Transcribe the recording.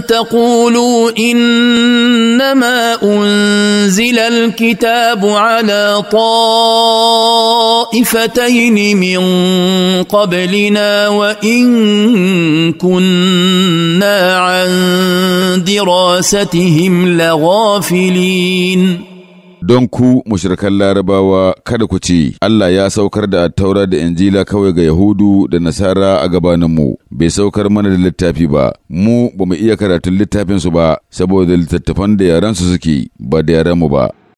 تقولوا انما انزل الكتاب على طائفتين من قبلنا وان كنا عن دراستهم لغافلين don ku mushrikan larabawa kada ku ce Allah ya saukar da taura da injila kawai ga yahudu da nasara a gabaninmu bai saukar mana da littafi ba mu bamu iya karatun littafinsu ba saboda littattafan da yarensu suke ba da mu ba